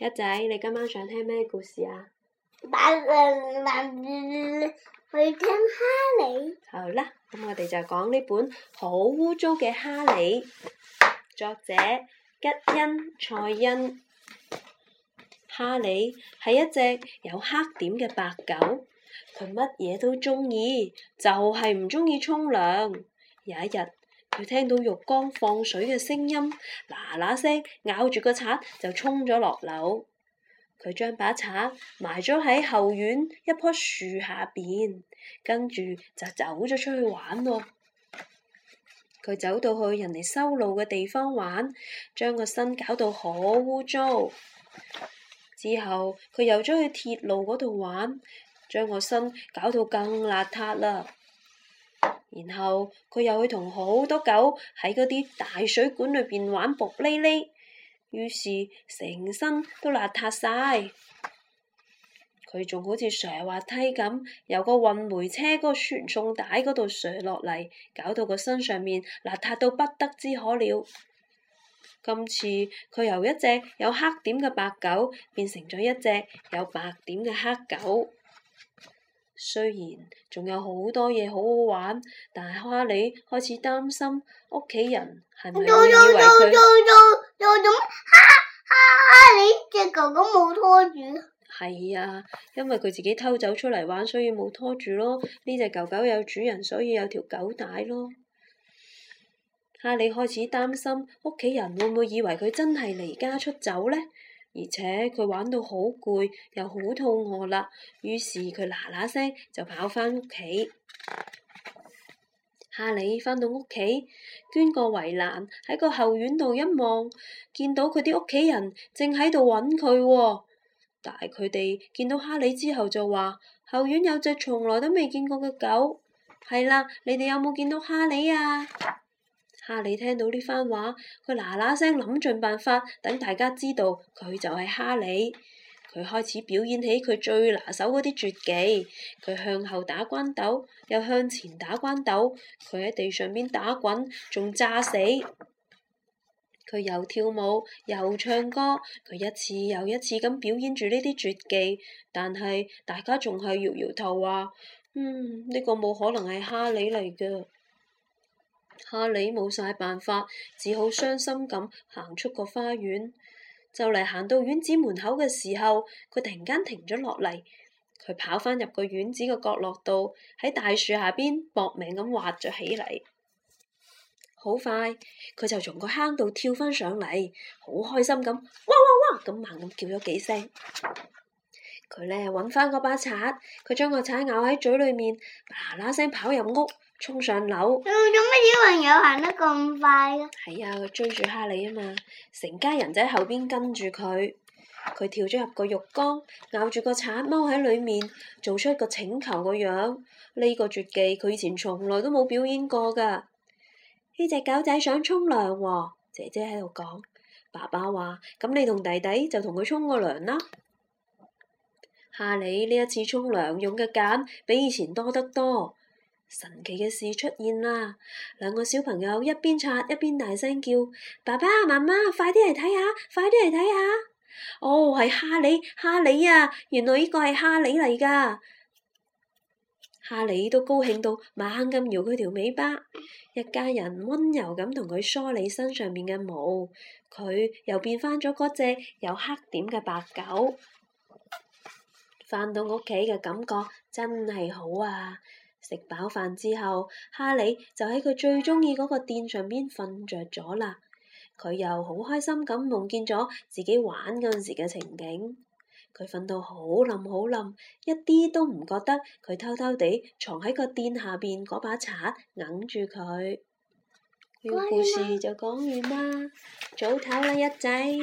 一仔，你今晚想聽咩故事啊？去聽哈利。好啦，咁我哋就講呢本好污糟嘅哈利。作者吉恩·賽恩。哈利係一隻有黑點嘅白狗，佢乜嘢都鍾意，就係唔鍾意沖涼。有一日。佢聽到浴缸放水嘅聲音，嗱嗱聲咬住個刷就沖咗落樓。佢將把刷埋咗喺後院一棵樹下邊，跟住就走咗出去玩喎。佢走到去人哋修路嘅地方玩，將個身搞到好污糟。之後佢又走去鐵路嗰度玩，將個身搞到更邋遢啦。然後佢又去同好多狗喺嗰啲大水管裏邊玩薄哩哩，於是成身都邋遢晒。佢仲好似蛇滑，滑梯咁，由個運煤車嗰個傳送帶嗰度垂落嚟，搞到個身上面邋遢到不得之可了。今次佢由一隻有黑點嘅白狗，變成咗一隻有白點嘅黑狗。雖然仲有好多嘢，好好玩，但係哈利開始擔心屋企人係咪會以為佢哈哈，哈利隻狗狗冇拖住。係啊，因為佢自己偷走出嚟玩，所以冇拖住咯。呢隻狗狗有主人，所以有條狗帶咯。哈利開始擔心屋企人會唔會以為佢真係離家出走呢？而且佢玩到好攰，又好肚餓啦。於是於是佢嗱嗱聲就跑返屋企。 哈利返到屋企，捐圍個圍欄喺個後院度一望，見到佢啲屋企人正喺度揾佢。但係佢哋見到哈利之後就話：後院有隻從來都未見過嘅狗。係啦，你哋有冇見到哈利啊？哈利聽到呢番話，佢嗱嗱聲諗盡辦法，等大家知道佢就係哈利。佢開始表演起佢最拿手嗰啲絕技，佢向後打關鬥，又向前打關鬥，佢喺地上邊打滾，仲炸死。佢又跳舞，又唱歌，佢一次又一次咁表演住呢啲絕技，但係大家仲係搖搖頭話：「嗯，呢個冇可能係哈利嚟㗎。哈利冇晒辦法，只好傷心咁行出個花園。 就嚟行到院子門口嘅時候，佢突然間停咗落嚟。佢跑返入個院子嘅角落度，喺大樹下邊搏命咁挖咗起嚟。好快，佢就從個坑度跳返上嚟，好開心咁，哇哇哇咁猛咁叫咗幾聲。佢咧揾翻嗰把刷，佢將個刷咬喺嘴裏面，嗱嗱聲跑入屋，衝上樓。做咩小朋友行得咁快啊？係啊，佢，追住哈利啊嘛！成家人仔後邊跟住佢，佢跳咗入個浴缸，咬住個刷踎喺裏面，做出一個請求個樣。呢、呢個絕技佢以前從來都冇表演過噶。呢隻狗仔想沖涼喎，姐姐喺度講。爸爸話：咁你同弟弟就同佢沖個涼啦。哈利呢一次沖涼用嘅鹼比以前多得多，神奇嘅事出現啦！兩個小朋友一邊擦一邊大聲叫：爸爸、媽媽，快啲嚟睇下，快啲嚟睇下！哦，係哈利，哈利啊！原來呢個係哈利嚟噶。哈利都高興到猛咁搖佢條尾巴，一家人溫柔咁同佢梳理身上面嘅毛，佢又變返咗嗰隻有黑點嘅白狗。返到屋企嘅感覺真係好啊！食飽飯之後，哈利就喺佢最中意嗰個墊上邊瞓着咗啦。佢又好開心咁夢見咗自己玩嗰陣時嘅情景。佢瞓到好冧好冧，一啲都唔覺得佢偷偷地藏喺個墊下邊嗰把刷揞住佢。呢個故事就講完啦，早唞啦，一仔。